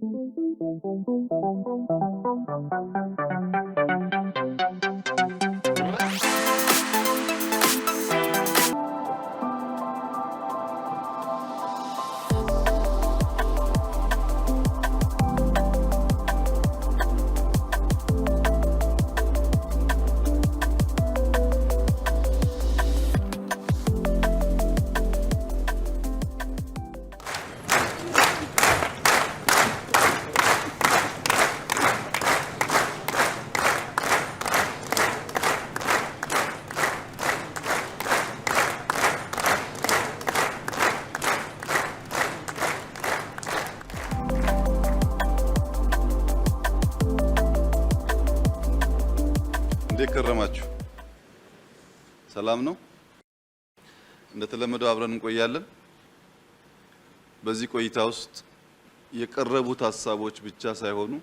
Thank you. ገረማችሁ? ሰላም ነው። እንደተለመደው አብረን እንቆያለን። በዚህ ቆይታ ውስጥ የቀረቡት ሀሳቦች ብቻ ሳይሆኑ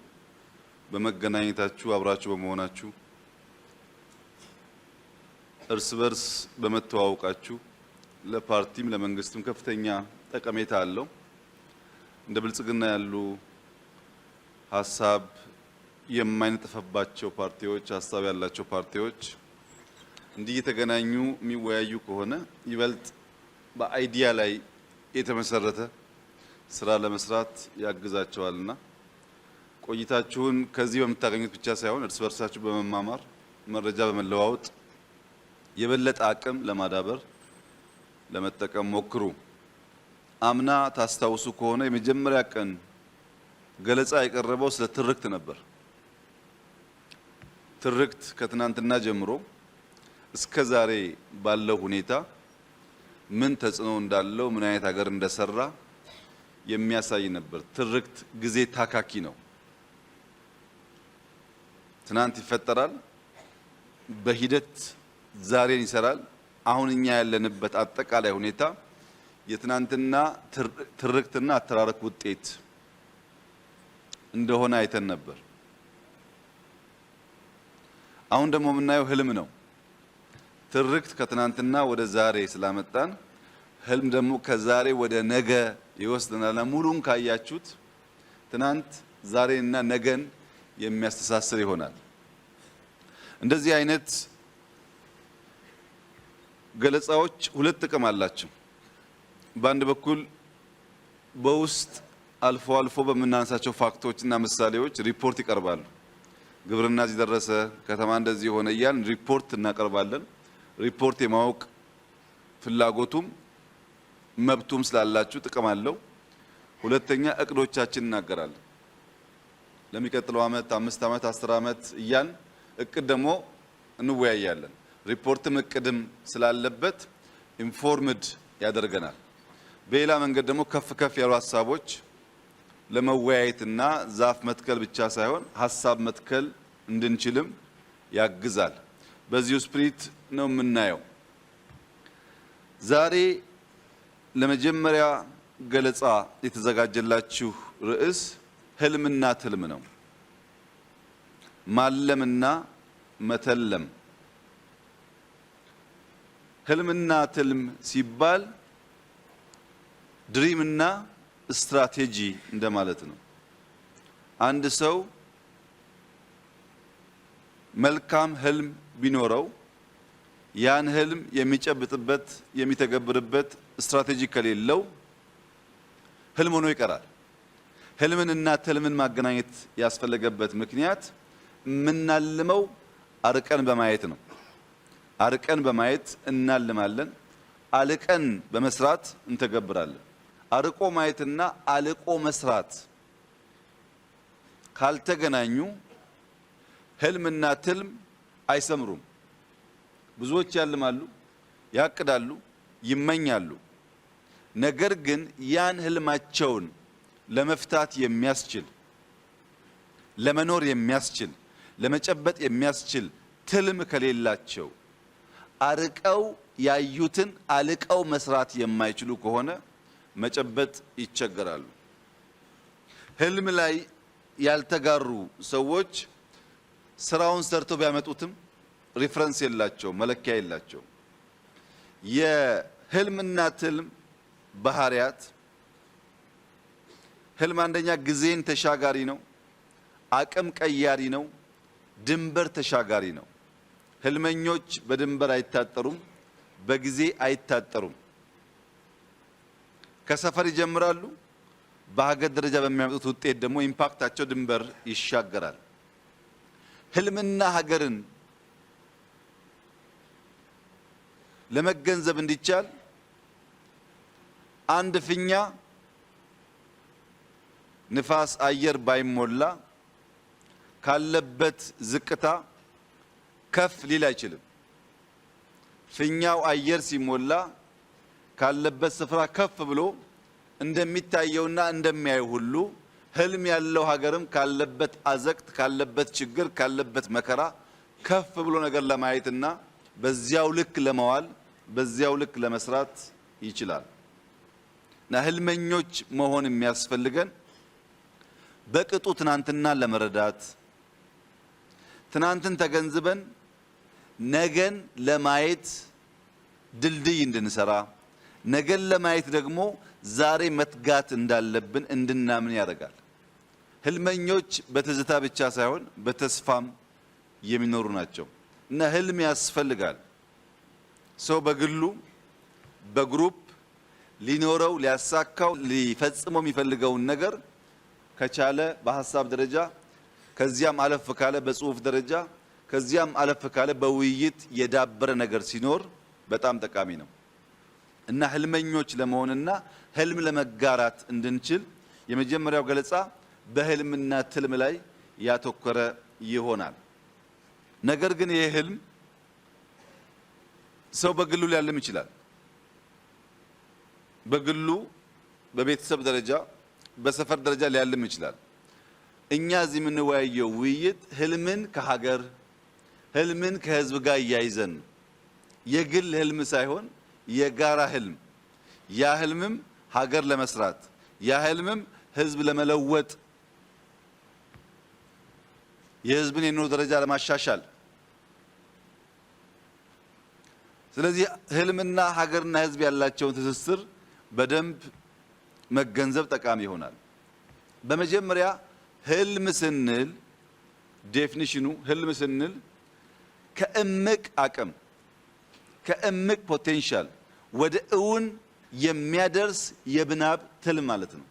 በመገናኘታችሁ አብራችሁ በመሆናችሁ እርስ በርስ በመተዋወቃችሁ ለፓርቲም ለመንግስትም ከፍተኛ ጠቀሜታ አለው። እንደ ብልጽግና ያሉ ሀሳብ የማይነጥፈባቸው ፓርቲዎች፣ ሀሳብ ያላቸው ፓርቲዎች እንዲህ የተገናኙ የሚወያዩ ከሆነ ይበልጥ በአይዲያ ላይ የተመሰረተ ስራ ለመስራት ያግዛቸዋልና ቆይታችሁን ከዚህ በምታገኙት ብቻ ሳይሆን እርስ በርሳችሁ በመማማር መረጃ በመለዋወጥ የበለጠ አቅም ለማዳበር ለመጠቀም ሞክሩ። አምና ታስታውሱ ከሆነ የመጀመሪያ ቀን ገለጻ የቀረበው ስለ ትርክት ነበር። ትርክት ከትናንትና ጀምሮ እስከ ዛሬ ባለው ሁኔታ ምን ተጽዕኖ እንዳለው ምን አይነት ሀገር እንደሰራ የሚያሳይ ነበር። ትርክት ጊዜ ታካኪ ነው። ትናንት ይፈጠራል፣ በሂደት ዛሬን ይሰራል። አሁን እኛ ያለንበት አጠቃላይ ሁኔታ የትናንትና ትርክትና አተራረክ ውጤት እንደሆነ አይተን ነበር። አሁን ደግሞ የምናየው ህልም ነው። ትርክት ከትናንትና ወደ ዛሬ ስላመጣን ህልም ደግሞ ከዛሬ ወደ ነገ ይወስደናል። ሙሉን ካያችሁት ትናንት ዛሬና ነገን የሚያስተሳስር ይሆናል። እንደዚህ አይነት ገለጻዎች ሁለት ጥቅም አላቸው። በአንድ በኩል በውስጥ አልፎ አልፎ በምናነሳቸው ፋክቶች እና ምሳሌዎች ሪፖርት ይቀርባሉ። ግብርና እዚህ ደረሰ፣ ከተማ እንደዚህ ሆነ እያልን ሪፖርት እናቀርባለን። ሪፖርት የማወቅ ፍላጎቱም መብቱም ስላላችሁ ጥቅም አለው። ሁለተኛ እቅዶቻችን እናገራለን። ለሚቀጥለው ዓመት አምስት ዓመት አስር ዓመት እያን እቅድ ደግሞ እንወያያለን። ሪፖርትም እቅድም ስላለበት ኢንፎርምድ ያደርገናል። በሌላ መንገድ ደግሞ ከፍ ከፍ ያሉ ሀሳቦች ለመወያየትና ዛፍ መትከል ብቻ ሳይሆን ሀሳብ መትከል እንድንችልም ያግዛል። በዚሁ ስፕሪት ነው የምናየው። ዛሬ ለመጀመሪያ ገለጻ የተዘጋጀላችሁ ርዕስ ህልምና ትልም ነው። ማለምና መተለም። ህልምና ትልም ሲባል ድሪምና ስትራቴጂ እንደማለት ነው። አንድ ሰው መልካም ህልም ቢኖረው ያን ህልም የሚጨብጥበት የሚተገብርበት ስትራቴጂ ከሌለው ህልም ሆኖ ይቀራል። ህልምን እና ትልምን ማገናኘት ያስፈለገበት ምክንያት የምናልመው አርቀን በማየት ነው። አርቀን በማየት እናልማለን፣ አልቀን በመስራት እንተገብራለን። አርቆ ማየትና አልቆ መስራት ካልተገናኙ ህልምና ትልም አይሰምሩም። ብዙዎች ያልማሉ፣ ያቅዳሉ፣ ይመኛሉ። ነገር ግን ያን ህልማቸውን ለመፍታት የሚያስችል ለመኖር የሚያስችል ለመጨበጥ የሚያስችል ትልም ከሌላቸው አርቀው ያዩትን አልቀው መስራት የማይችሉ ከሆነ መጨበጥ ይቸገራሉ። ህልም ላይ ያልተጋሩ ሰዎች ስራውን ሰርተው ቢያመጡትም ሪፍረንስ የላቸው፣ መለኪያ የላቸው። የህልምና ትልም ባህሪያት ህልም አንደኛ ጊዜን ተሻጋሪ ነው፣ አቅም ቀያሪ ነው፣ ድንበር ተሻጋሪ ነው። ህልመኞች በድንበር አይታጠሩም፣ በጊዜ አይታጠሩም። ከሰፈር ይጀምራሉ። በሀገር ደረጃ በሚያመጡት ውጤት ደግሞ ኢምፓክታቸው ድንበር ይሻገራል። ህልምና ሀገርን ለመገንዘብ እንዲቻል አንድ ፊኛ ንፋስ አየር ባይሞላ ካለበት ዝቅታ ከፍ ሊል አይችልም። ፊኛው አየር ሲሞላ ካለበት ስፍራ ከፍ ብሎ እንደሚታየውና እንደሚያይ ሁሉ ህልም ያለው ሀገርም ካለበት አዘቅት፣ ካለበት ችግር፣ ካለበት መከራ ከፍ ብሎ ነገር ለማየትና በዚያው ልክ ለመዋል በዚያው ልክ ለመስራት ይችላል እና ህልመኞች መሆን የሚያስፈልገን በቅጡ ትናንትናን ለመረዳት ትናንትን ተገንዝበን ነገን ለማየት ድልድይ እንድንሰራ ነገን ለማየት ደግሞ ዛሬ መትጋት እንዳለብን እንድናምን ያደርጋል። ህልመኞች በትዝታ ብቻ ሳይሆን በተስፋም የሚኖሩ ናቸው እና ህልም ያስፈልጋል። ሰው በግሉ በግሩፕ ሊኖረው ሊያሳካው ሊፈጽመው የሚፈልገውን ነገር ከቻለ በሀሳብ ደረጃ ከዚያም አለፍ ካለ በጽሁፍ ደረጃ ከዚያም አለፍ ካለ በውይይት የዳበረ ነገር ሲኖር በጣም ጠቃሚ ነው። እና ህልመኞች ለመሆንና ህልም ለመጋራት እንድንችል የመጀመሪያው ገለጻ በህልምና ትልም ላይ ያተኮረ ይሆናል። ነገር ግን ይህ ህልም ሰው በግሉ ሊያልም ይችላል። በግሉ በቤተሰብ ደረጃ በሰፈር ደረጃ ሊያልም ይችላል። እኛ እዚህ የምንወያየው ውይይት ህልምን ከሀገር ህልምን ከህዝብ ጋር እያይዘን የግል ህልም ሳይሆን የጋራ ህልም ያ ህልምም ሀገር ለመስራት ያ ህልምም ህዝብ ለመለወጥ የህዝብን የኑሮ ደረጃ ለማሻሻል ስለዚህ ህልምና ሀገርና ህዝብ ያላቸውን ትስስር በደንብ መገንዘብ ጠቃሚ ይሆናል። በመጀመሪያ ህልም ስንል ዴፊኒሽኑ ህልም ስንል ከእምቅ አቅም ከእምቅ ፖቴንሻል ወደ እውን የሚያደርስ የብናብ ትል ማለት ነው።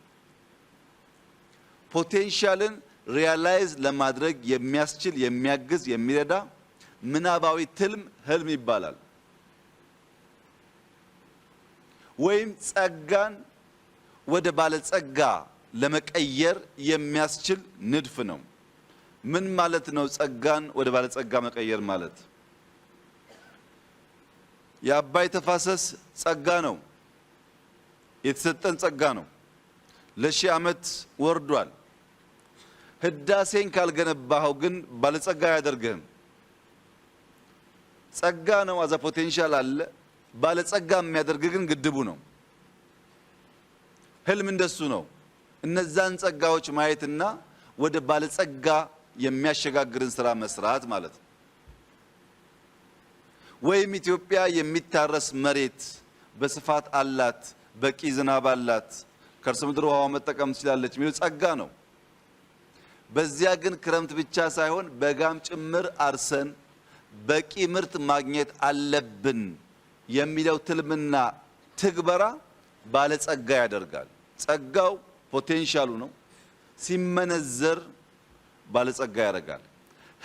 ፖቴንሻልን ሪያላይዝ ለማድረግ የሚያስችል የሚያግዝ፣ የሚረዳ ምናባዊ ትልም ህልም ይባላል። ወይም ጸጋን ወደ ባለጸጋ ለመቀየር የሚያስችል ንድፍ ነው። ምን ማለት ነው? ጸጋን ወደ ባለጸጋ መቀየር ማለት የአባይ ተፋሰስ ጸጋ ነው፣ የተሰጠን ጸጋ ነው። ለሺህ ዓመት ወርዷል። ህዳሴን ካልገነባኸው ግን ባለጸጋ አያደርግህም። ጸጋ ነው፣ አዛ ፖቴንሻል አለ። ባለጸጋ የሚያደርግ ግን ግድቡ ነው። ህልም እንደሱ ነው። እነዛን ጸጋዎች ማየትና ወደ ባለጸጋ የሚያሸጋግርን ስራ መስራት ማለት ነው። ወይም ኢትዮጵያ የሚታረስ መሬት በስፋት አላት፣ በቂ ዝናብ አላት፣ ከርሰ ምድር ውሃ መጠቀም ትችላለች የሚለው ጸጋ ነው። በዚያ ግን ክረምት ብቻ ሳይሆን በጋም ጭምር አርሰን በቂ ምርት ማግኘት አለብን የሚለው ትልምና ትግበራ ባለጸጋ ያደርጋል። ጸጋው ፖቴንሻሉ ነው፣ ሲመነዘር ባለጸጋ ያደርጋል።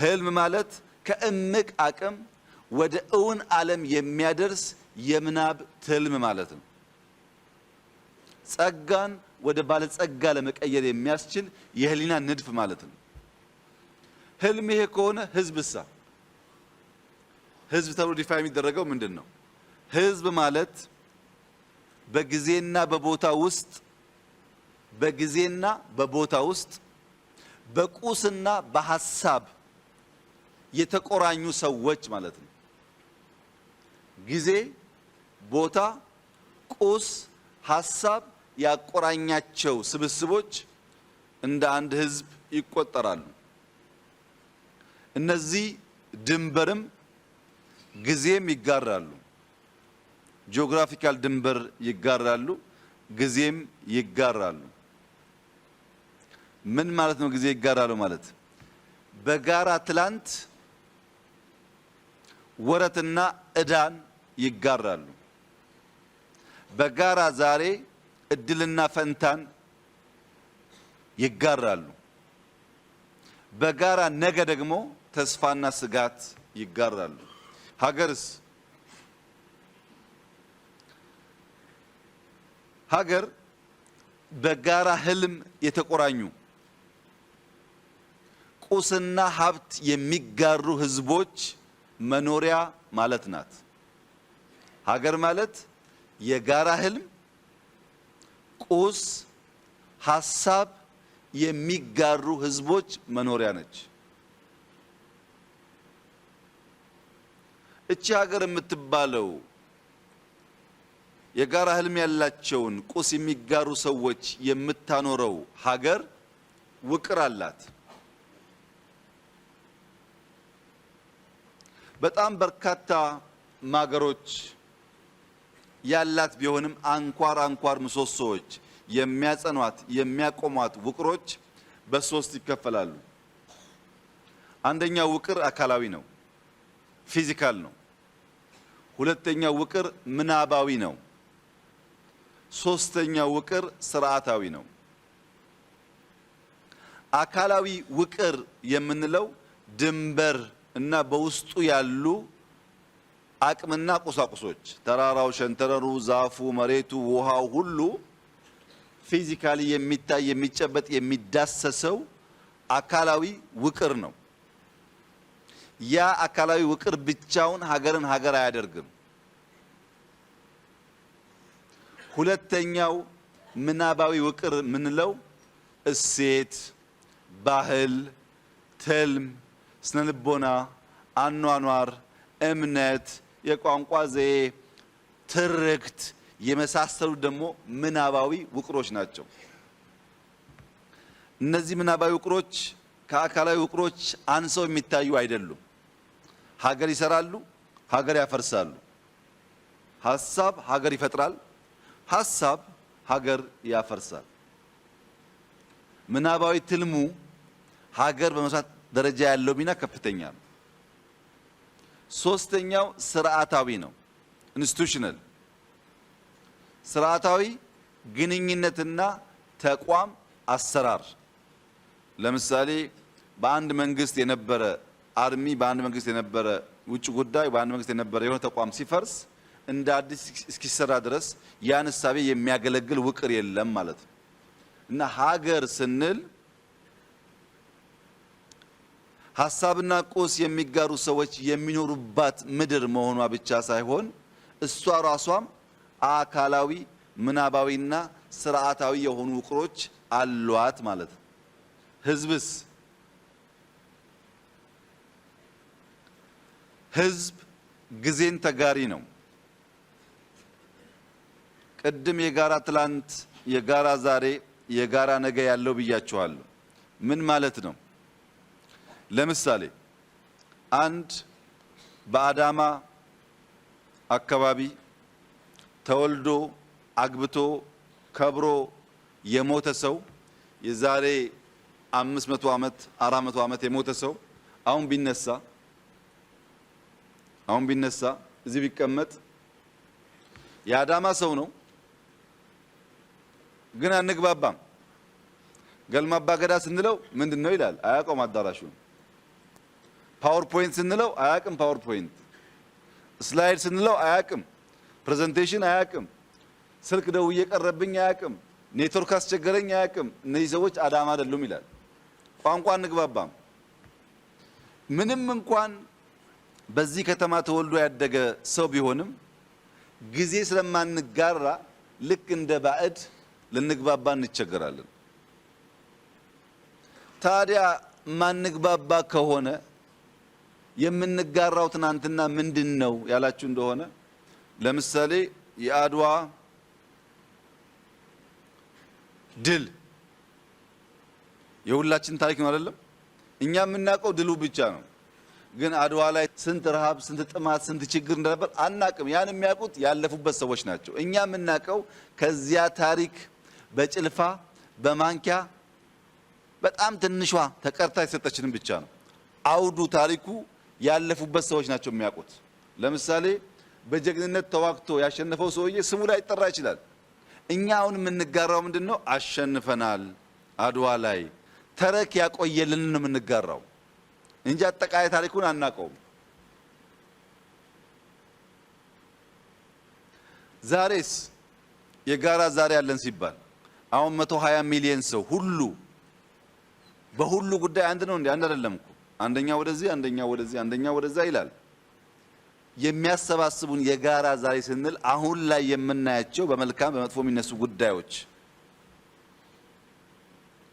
ህልም ማለት ከእምቅ አቅም ወደ እውን ዓለም የሚያደርስ የምናብ ትልም ማለት ነው። ጸጋን ወደ ባለጸጋ ለመቀየር የሚያስችል የህሊና ንድፍ ማለት ነው። ህልም ይሄ ከሆነ ህዝብ ህዝብ ተብሎ ዲፋ የሚደረገው ምንድን ነው? ህዝብ ማለት በጊዜና በቦታ ውስጥ በጊዜና በቦታ ውስጥ በቁስና በሀሳብ የተቆራኙ ሰዎች ማለት ነው። ጊዜ፣ ቦታ፣ ቁስ፣ ሀሳብ ያቆራኛቸው ስብስቦች እንደ አንድ ህዝብ ይቆጠራሉ። እነዚህ ድንበርም ጊዜም ይጋራሉ። ጂኦግራፊካል ድንበር ይጋራሉ፣ ጊዜም ይጋራሉ። ምን ማለት ነው? ጊዜ ይጋራሉ ማለት በጋራ ትላንት ወረትና እዳን? ይጋራሉ። በጋራ ዛሬ እድልና ፈንታን ይጋራሉ። በጋራ ነገ ደግሞ ተስፋና ስጋት ይጋራሉ። ሀገርስ ሀገር በጋራ ህልም የተቆራኙ ቁስና ሀብት የሚጋሩ ህዝቦች መኖሪያ ማለት ናት። ሀገር ማለት የጋራ ህልም፣ ቁስ፣ ሀሳብ የሚጋሩ ህዝቦች መኖሪያ ነች። እቺ ሀገር የምትባለው የጋራ ህልም ያላቸውን ቁስ የሚጋሩ ሰዎች የምታኖረው ሀገር ውቅር አላት። በጣም በርካታ ማገሮች ያላት ቢሆንም አንኳር አንኳር ምሰሶዎች የሚያጸኗት የሚያቆሟት ውቅሮች በሶስት ይከፈላሉ። አንደኛው ውቅር አካላዊ ነው፣ ፊዚካል ነው። ሁለተኛው ውቅር ምናባዊ ነው። ሶስተኛው ውቅር ስርዓታዊ ነው። አካላዊ ውቅር የምንለው ድንበር እና በውስጡ ያሉ አቅምና ቁሳቁሶች ተራራው፣ ሸንተረሩ፣ ዛፉ፣ መሬቱ፣ ውሃው ሁሉ ፊዚካሊ የሚታይ የሚጨበጥ የሚዳሰሰው አካላዊ ውቅር ነው። ያ አካላዊ ውቅር ብቻውን ሀገርን ሀገር አያደርግም። ሁለተኛው ምናባዊ ውቅር የምንለው እሴት፣ ባህል፣ ተልም፣ ስነልቦና፣ አኗኗር፣ እምነት የቋንቋ ዘዬ፣ ትርክት የመሳሰሉት ደግሞ ምናባዊ ውቅሮች ናቸው። እነዚህ ምናባዊ ውቅሮች ከአካላዊ ውቅሮች አንሰው የሚታዩ አይደሉም። ሀገር ይሰራሉ፣ ሀገር ያፈርሳሉ። ሀሳብ ሀገር ይፈጥራል፣ ሀሳብ ሀገር ያፈርሳል። ምናባዊ ትልሙ ሀገር በመስራት ደረጃ ያለው ሚና ከፍተኛ ነው። ሶስተኛው ስርዓታዊ ነው፣ ኢንስቲቱሽናል ስርዓታዊ ግንኙነትና ተቋም አሰራር። ለምሳሌ በአንድ መንግስት የነበረ አርሚ፣ በአንድ መንግስት የነበረ ውጭ ጉዳይ፣ በአንድ መንግስት የነበረ የሆነ ተቋም ሲፈርስ እንደ አዲስ እስኪሰራ ድረስ ያን እሳቤ የሚያገለግል ውቅር የለም ማለት ነው እና ሀገር ስንል ሀሳብና ቁስ የሚጋሩ ሰዎች የሚኖሩባት ምድር መሆኗ ብቻ ሳይሆን እሷ ራሷም አካላዊ ምናባዊና ስርዓታዊ የሆኑ ውቅሮች አሏት ማለት ነው። ህዝብስ ህዝብ ጊዜን ተጋሪ ነው። ቅድም የጋራ ትላንት፣ የጋራ ዛሬ፣ የጋራ ነገ ያለው ብያችኋለሁ። ምን ማለት ነው? ለምሳሌ አንድ በአዳማ አካባቢ ተወልዶ አግብቶ ከብሮ የሞተ ሰው የዛሬ 500 ዓመት መቶ ዓመት የሞተ ሰው አሁን ቢነሳ አሁን ቢነሳ እዚህ ቢቀመጥ የአዳማ ሰው ነው፣ ግን አንግባባም። ገልማባ ገዳ ስንለው ምንድን ነው ይላል፣ አያውቀውም አዳራሹን ፓወርፖይንት ስንለው አያቅም፣ ፓወርፖይንት ስላይድ ስንለው አያቅም፣ ፕሬዘንቴሽን አያቅም፣ ስልክ ደውዬ ቀረብኝ አያቅም፣ ኔትወርክ አስቸገረኝ አያቅም። እነዚህ ሰዎች አዳማ አይደሉም ይላል። ቋንቋ አንግባባም። ምንም እንኳን በዚህ ከተማ ተወልዶ ያደገ ሰው ቢሆንም ጊዜ ስለማንጋራ ልክ እንደ ባዕድ ልንግባባ እንቸገራለን። ታዲያ ማንግባባ ከሆነ የምንጋራው ትናንትና ምንድን ነው ያላችሁ እንደሆነ ለምሳሌ የአድዋ ድል የሁላችን ታሪክ ነው አይደለም? እኛ የምናውቀው ድሉ ብቻ ነው። ግን አድዋ ላይ ስንት ረሃብ፣ ስንት ጥማት፣ ስንት ችግር እንደነበር አናቅም። ያን የሚያውቁት ያለፉበት ሰዎች ናቸው። እኛ የምናውቀው ከዚያ ታሪክ በጭልፋ በማንኪያ በጣም ትንሿ ተቀርታ የሰጠችንን ብቻ ነው። አውዱ ታሪኩ ያለፉበት ሰዎች ናቸው የሚያውቁት። ለምሳሌ በጀግንነት ተዋግቶ ያሸነፈው ሰውዬ ስሙ ላይ ይጠራ ይችላል። እኛ አሁን የምንጋራው ምንድን ነው? አሸንፈናል፣ አድዋ ላይ ተረክ ያቆየልን ነው የምንጋራው እንጂ አጠቃላይ ታሪኩን አናውቀውም። ዛሬስ የጋራ ዛሬ አለን ሲባል አሁን 120 ሚሊዮን ሰው ሁሉ በሁሉ ጉዳይ አንድ ነው እንዴ? አንድ አይደለም እኮ አንደኛ ወደዚህ አንደኛ ወደዚህ አንደኛ ወደዛ ይላል። የሚያሰባስቡን የጋራ ዛሬ ስንል አሁን ላይ የምናያቸው በመልካም በመጥፎ የሚነሱ ጉዳዮች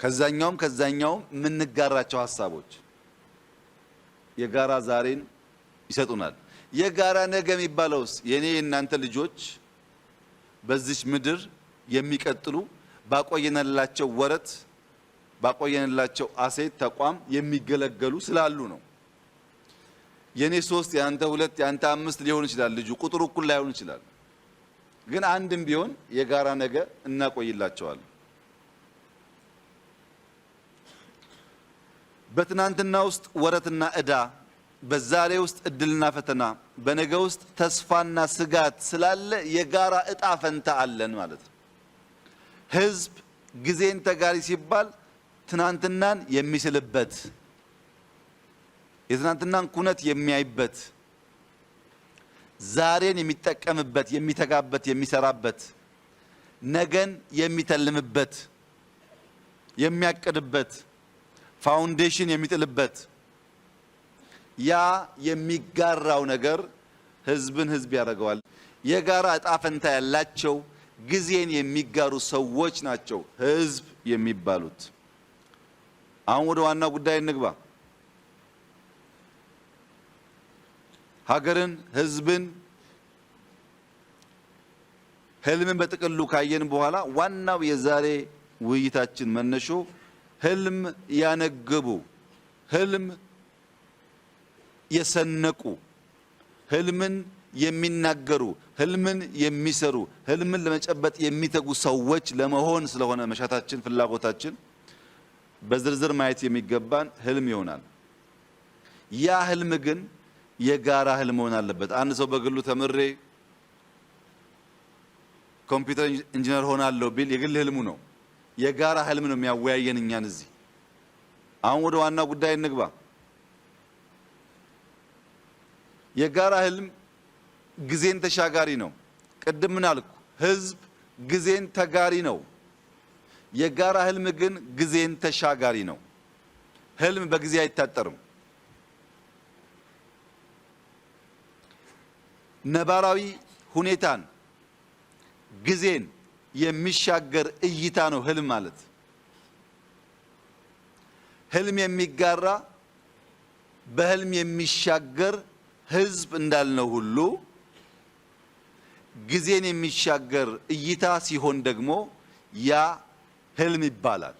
ከዛኛውም ከዛኛውም የምንጋራቸው ሀሳቦች የጋራ ዛሬን ይሰጡናል። የጋራ ነገ የሚባለውስ የኔ የእናንተ ልጆች በዚች ምድር የሚቀጥሉ ባቆየነላቸው ወረት ባቆየንላቸው አሴት ተቋም የሚገለገሉ ስላሉ ነው። የኔ ሶስት የአንተ ሁለት የአንተ አምስት ሊሆን ይችላል። ልጁ ቁጥሩ እኩል ላይሆን ይችላል፣ ግን አንድም ቢሆን የጋራ ነገ እናቆይላቸዋለን። በትናንትና ውስጥ ወረትና እዳ በዛሬ ውስጥ እድልና ፈተና፣ በነገ ውስጥ ተስፋና ስጋት ስላለ የጋራ እጣ ፈንታ አለን ማለት ነው። ህዝብ ጊዜን ተጋሪ ሲባል ትናንትናን የሚስልበት የትናንትናን ኩነት የሚያይበት ዛሬን የሚጠቀምበት የሚተጋበት የሚሰራበት ነገን የሚተልምበት የሚያቅድበት ፋውንዴሽን የሚጥልበት ያ የሚጋራው ነገር ህዝብን ህዝብ ያደርገዋል። የጋራ እጣ ፈንታ ያላቸው ጊዜን የሚጋሩ ሰዎች ናቸው ህዝብ የሚባሉት። አሁን ወደ ዋና ጉዳይ እንግባ። ሀገርን፣ ህዝብን፣ ህልምን በጥቅሉ ካየን በኋላ ዋናው የዛሬ ውይይታችን መነሾ ህልም ያነገቡ ህልም የሰነቁ ህልምን የሚናገሩ ህልምን የሚሰሩ ህልምን ለመጨበጥ የሚተጉ ሰዎች ለመሆን ስለሆነ መሻታችን ፍላጎታችን በዝርዝር ማየት የሚገባን ህልም ይሆናል። ያ ህልም ግን የጋራ ህልም መሆን አለበት። አንድ ሰው በግሉ ተምሬ ኮምፒውተር ኢንጂነር ሆናለሁ ቢል የግል ህልሙ ነው። የጋራ ህልም ነው የሚያወያየን እኛን እዚህ። አሁን ወደ ዋናው ጉዳይ እንግባ። የጋራ ህልም ጊዜን ተሻጋሪ ነው። ቅድም ምን አልኩ? ህዝብ ጊዜን ተጋሪ ነው። የጋራ ህልም ግን ጊዜን ተሻጋሪ ነው። ህልም በጊዜ አይታጠርም። ነባራዊ ሁኔታን ጊዜን የሚሻገር እይታ ነው ህልም ማለት። ህልም የሚጋራ በህልም የሚሻገር ህዝብ እንዳልነው ሁሉ ጊዜን የሚሻገር እይታ ሲሆን ደግሞ ያ ህልም ይባላል።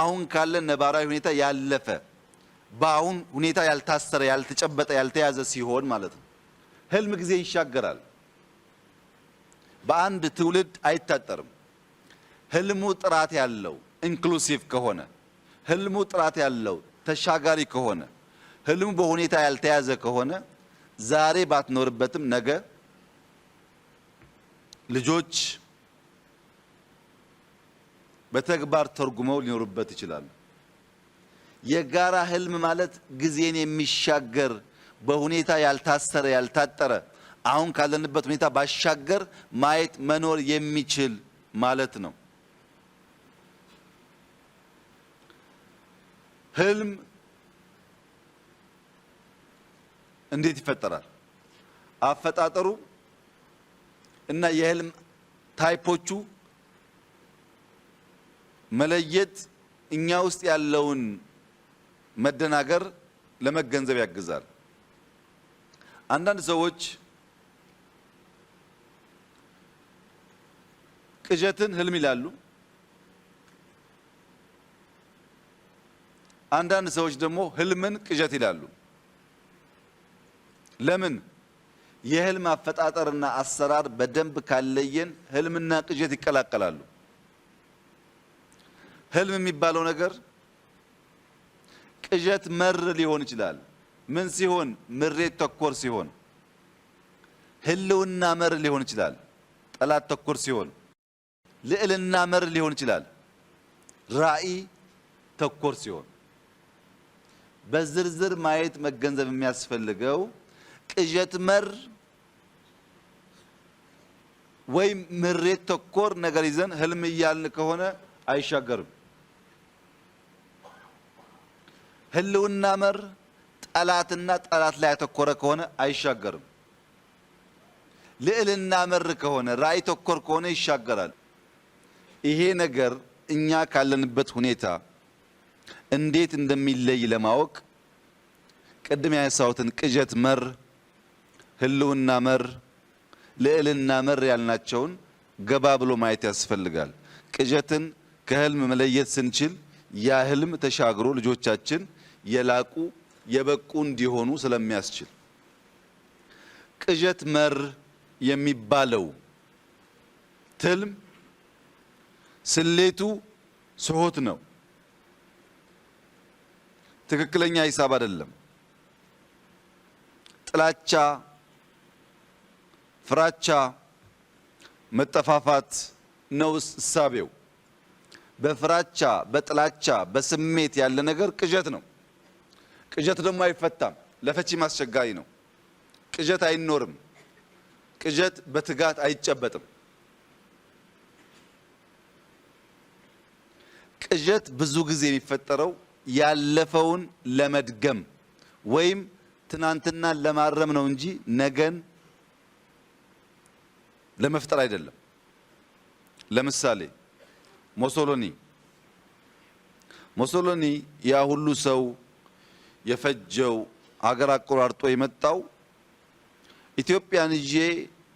አሁን ካለ ነባራዊ ሁኔታ ያለፈ በአሁን ሁኔታ ያልታሰረ፣ ያልተጨበጠ፣ ያልተያዘ ሲሆን ማለት ነው። ህልም ጊዜ ይሻገራል። በአንድ ትውልድ አይታጠርም። ህልሙ ጥራት ያለው ኢንክሉሲቭ ከሆነ ህልሙ ጥራት ያለው ተሻጋሪ ከሆነ ህልሙ በሁኔታ ያልተያዘ ከሆነ ዛሬ ባትኖርበትም ነገ ልጆች በተግባር ተርጉመው ሊኖሩበት ይችላል። የጋራ ህልም ማለት ጊዜን የሚሻገር በሁኔታ ያልታሰረ ያልታጠረ አሁን ካለንበት ሁኔታ ባሻገር ማየት መኖር የሚችል ማለት ነው። ህልም እንዴት ይፈጠራል? አፈጣጠሩ እና የህልም ታይፖቹ መለየት እኛ ውስጥ ያለውን መደናገር ለመገንዘብ ያግዛል። አንዳንድ ሰዎች ቅዠትን ህልም ይላሉ። አንዳንድ ሰዎች ደግሞ ህልምን ቅዠት ይላሉ። ለምን? የህልም አፈጣጠርና አሰራር በደንብ ካለየን ህልምና ቅዠት ይቀላቀላሉ። ህልም የሚባለው ነገር ቅዠት መር ሊሆን ይችላል። ምን ሲሆን? ምሬት ተኮር ሲሆን፣ ህልውና መር ሊሆን ይችላል። ጠላት ተኮር ሲሆን፣ ልዕልና መር ሊሆን ይችላል። ራዕይ ተኮር ሲሆን በዝርዝር ማየት መገንዘብ የሚያስፈልገው ቅዠት መር ወይም ምሬት ተኮር ነገር ይዘን ህልም እያልን ከሆነ አይሻገርም። ህልውና መር ጠላትና ጠላት ላይ ያተኮረ ከሆነ አይሻገርም። ልዕልና መር ከሆነ ራዕይ ተኮር ከሆነ ይሻገራል። ይሄ ነገር እኛ ካለንበት ሁኔታ እንዴት እንደሚለይ ለማወቅ ቅድም ያነሳሁትን ቅዠት መር፣ ህልውና መር፣ ልዕልና መር ያልናቸውን ገባ ብሎ ማየት ያስፈልጋል። ቅዠትን ከህልም መለየት ስንችል ያ ህልም ተሻግሮ ልጆቻችን የላቁ የበቁ እንዲሆኑ ስለሚያስችል ቅዠት መር የሚባለው ትልም ስሌቱ ስሆት ነው። ትክክለኛ ሂሳብ አይደለም። ጥላቻ፣ ፍራቻ፣ መጠፋፋት ነው እሳቤው። በፍራቻ በጥላቻ በስሜት ያለ ነገር ቅዠት ነው። ቅዠት ደግሞ አይፈታም፣ ለፈቺም አስቸጋሪ ነው። ቅዠት አይኖርም። ቅዠት በትጋት አይጨበጥም። ቅዠት ብዙ ጊዜ የሚፈጠረው ያለፈውን ለመድገም ወይም ትናንትናን ለማረም ነው እንጂ ነገን ለመፍጠር አይደለም። ለምሳሌ ሞሶሎኒ ሞሶሎኒ ያ ሁሉ ሰው የፈጀው አገር አቆራርጦ የመጣው ኢትዮጵያን ይዤ